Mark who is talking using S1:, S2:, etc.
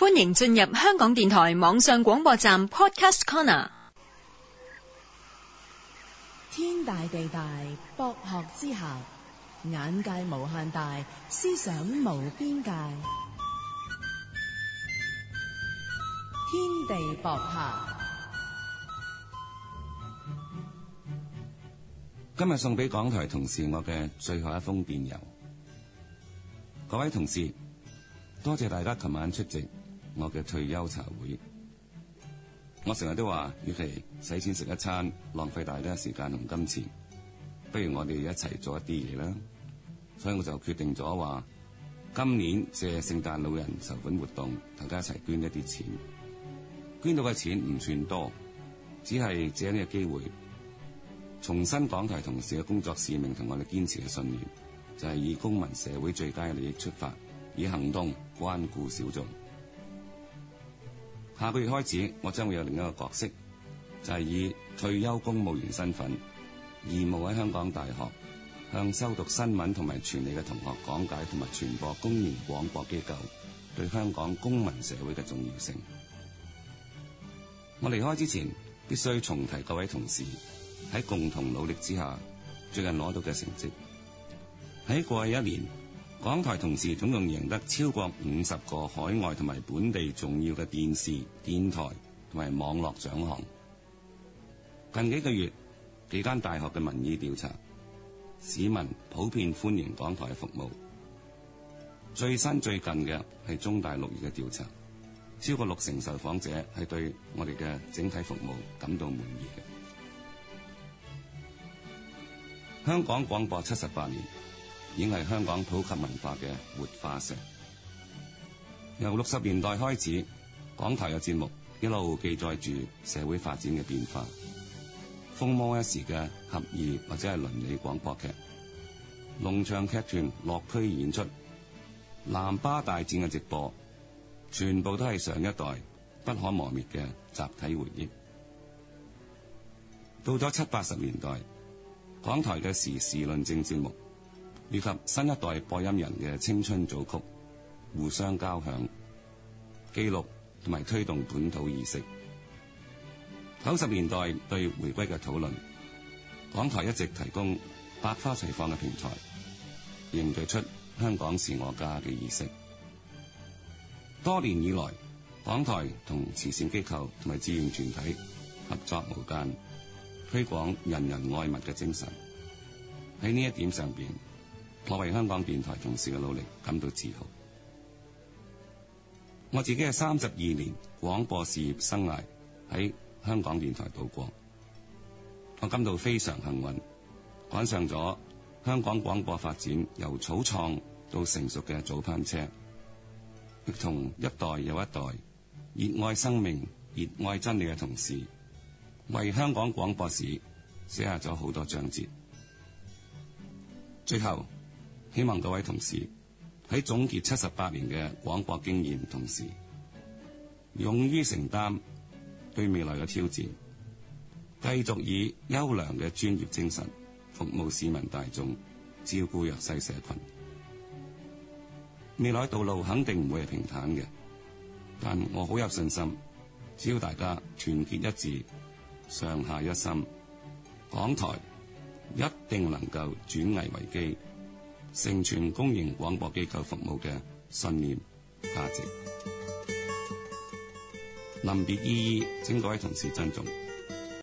S1: 歡迎進入香港電台網上廣播站 Podcast Corner。天大地大，博客之下，眼界無限大，思想無邊界。天地博客。今日送俾港台同事我嘅最後一封電郵。各位同事，多謝大家琴晚出席。我嘅退休茶會，我成日都話，與其使錢食一餐，浪費大家嘅時間同金錢，不如我哋一齊做一啲嘢啦。所以我就決定咗話，今年借聖誕老人籌款活動，大家一齊捐一啲錢。捐到嘅錢唔算多，只係借呢個機會，重新講提同事嘅工作使命同我哋堅持嘅信念，就係以公民社會最佳嘅利益出發，以行動關顧小眾。下個月開始，我將會有另一個角色，就係、是、以退休公務員身份，義務喺香港大學向修讀新聞同埋傳理嘅同學講解同埋傳播公營廣播機構對香港公民社會嘅重要性。我離開之前，必須重提各位同事喺共同努力之下最近攞到嘅成績。喺過去一年。港台同事總共贏得超過五十個海外同埋本地重要嘅電視電台同埋網絡獎項。近幾個月幾間大學嘅民意調查，市民普遍歡迎港台嘅服務。最新最近嘅係中大六月嘅調查，超過六成受訪者係對我哋嘅整體服務感到滿意嘅。香港廣播七十八年。已經係香港普及文化嘅活化石。由六十年代開始，港台嘅節目一路記載住社會發展嘅變化，風魔一時嘅合義或者係倫理廣播劇、農場劇團落區演出、南巴大戰嘅直播，全部都係上一代不可磨滅嘅集體回憶。到咗七八十年代，港台嘅時事論政節目。以及新一代播音人嘅青春組曲，互相交響，記錄同埋推動本土意識。九十年代對回歸嘅討論，港台一直提供百花齊放嘅平台，凝聚出香港是我家嘅意識。多年以來，港台同慈善機構同埋志願團體合作無間，推廣人人愛物嘅精神。喺呢一點上邊。我為香港電台同事嘅努力感到自豪。我自己係三十二年廣播事業生涯喺香港電台度過。我感到非常幸運，趕上咗香港廣播發展由草創到成熟嘅早班車，亦同一代又一代熱愛生命、熱愛真理嘅同事，為香港廣播史寫下咗好多章節。最後。希望各位同事喺總結七十八年嘅廣播經驗同時，勇於承擔對未來嘅挑戰，繼續以優良嘅專業精神服務市民大眾，照顧弱勢社群。未來道路肯定唔會係平坦嘅，但我好有信心，只要大家團結一致、上下一心，港台一定能夠轉危為機。成全公營廣播機構服務嘅信念價值，臨別依依，請各位同事珍重。